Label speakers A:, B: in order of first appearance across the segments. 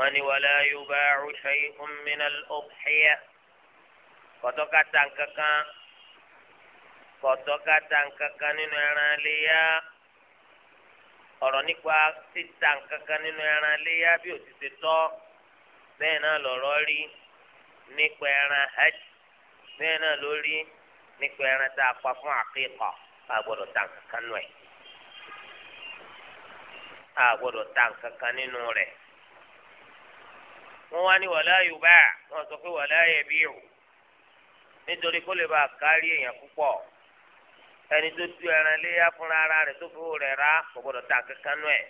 A: wọ́n ní wàlá yuba'u shay'un min al-udhiyah kọ̀tọ́kátà kankan kọ̀tọ́kátà kankan nínú ẹran léyà ọ̀rọ̀ nípa títà kankan nínú ẹran léyà bí ó tọ́ bẹ́ẹ̀ náà lọ̀rọ̀ rí nípa ẹran hajj bẹ́ẹ̀ náà ló rí nípa ẹran tá a pa fún àkíkà a gbọ́dọ̀ tà kankan nù ẹ̀ a gbọ́dọ̀ tà kankan nínú rẹ̀ wọ́n wá ní wàlá yorùbá wọ́n sọ pé wàlá yẹbi o nítorí kó lè bá kárí èèyàn púpọ̀ ẹni tó tu ẹran léyà fúnra ara rẹ̀ tó fowó rẹ̀ rà kò gbọ́dọ̀ ta kankan nù ẹ̀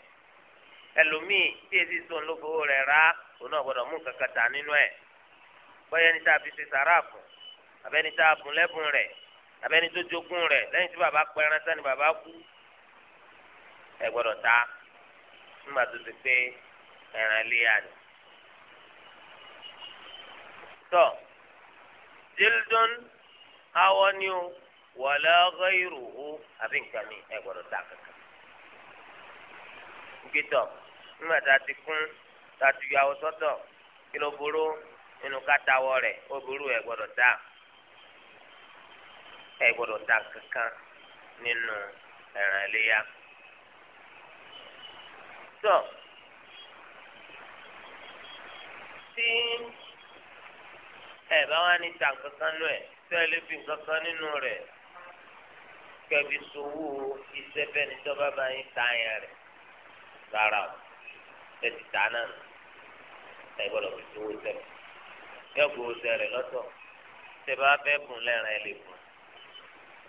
A: ẹlòmíì tí èsì sọ̀n ló fowó rẹ̀ rà òun náà gbọ́dọ̀ mú kankan tà nínú ẹ̀ bóyá ẹni tá a fi ṣe sàrà fún abẹ́ni tá a bùn lẹ́bùn rẹ̀ abẹ́ni tó jogún rẹ̀ lẹ́yìn tí bàbá pẹran sani bàbá kú ẹ gbọ́dọ̀ ta nígbà tó ti pé ẹran léyà ni. tọ jildun awọ ni o wàlá ghayru o àbí nǹkan mi ẹ gbọ́dọ̀ dà kankan. nkìtọ nígbà tá a ti kún tá a ti yọ awọ sọ́tọ̀ kí ló kankan nínú ẹran tọ tí. ẹ bá wà ní ta nǹkan kan lọ ẹ tẹ ẹ lè fi nǹkan kan nínú rẹ̀ kẹbi sowó iṣẹ́ bẹ́ẹ̀ ní tọ́ba bá yín ta yẹn rẹ̀ rárá o ẹ ti ta náà nù ẹ gbọ́dọ̀ fi sowó iṣẹ́ rẹ̀ yọ gbowó iṣẹ́ rẹ̀ lọ́tọ̀ tẹ bá fẹ́ bùn lẹ́rìn ẹ lè bùn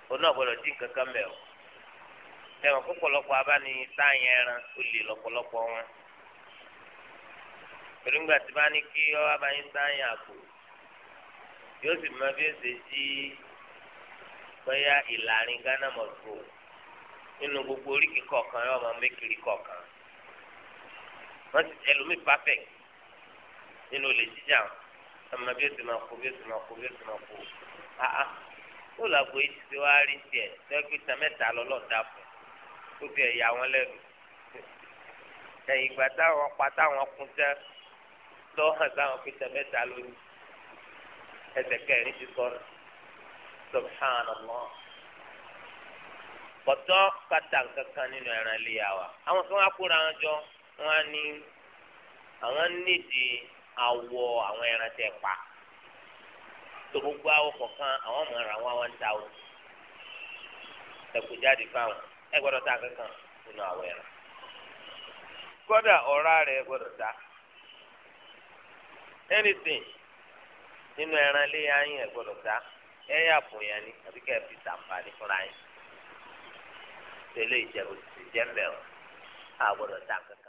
A: o náà gbọ́dọ̀ dín kankan mẹ́ o tẹ̀wọ̀n pọ̀pọ̀lọpọ̀ abáni ta yẹn ran o lè lọ́pọ̀lọpọ̀ wọn pẹ̀lú ńgbà tí bá ní kí ọ yóò sì máa bí ẹsẹ̀ sí bẹ́yà ìlàrin ghana mọ̀tò nínú gbogbo oríkì kọ̀ọ̀kan yóò máa mékiri kọ̀ọ̀kan wọ́n ti ẹlòmíì perfect nínú olè jíjà ọmọ bí ẹsẹ̀ máa kó bí ẹsẹ̀ máa kó bí ẹsẹ̀ máa kó aa ó làgbo yìí ti wá rí tiẹ̀ tẹ́gbẹ́ta mẹ́ta lọ́lọ́ọ̀dà fún tó fi ẹ̀yà wọn lẹ́nu ẹ̀yìn ìgbà táwọn pa táwọn kún tẹ́ lọ́hàn táwọn pété mẹ́ta lónìí. ẹsẹ̀ kẹrin ti sọ̀rọ̀ subhanallah kọtọ kata kankan nínú ẹran wa àwọn kan wá kóra wọn jọ wọn ní àwọn nídìí awọ àwọn ẹran tẹ pa tó gbogbo awọ àwọn ọmọ wọn ta o ẹkú jáde fáwọn ẹ ta kankan nínú awọ ẹran nínú ẹran ilé ayín ẹ gbọ́dọ̀ ta ẹ yà fún yẹn ni àbí kẹ fi sàǹfààní fúnra yín tẹ́lẹ̀ ìjẹun ti jẹ mẹrun àgbọ́dọ̀ ta nǹkan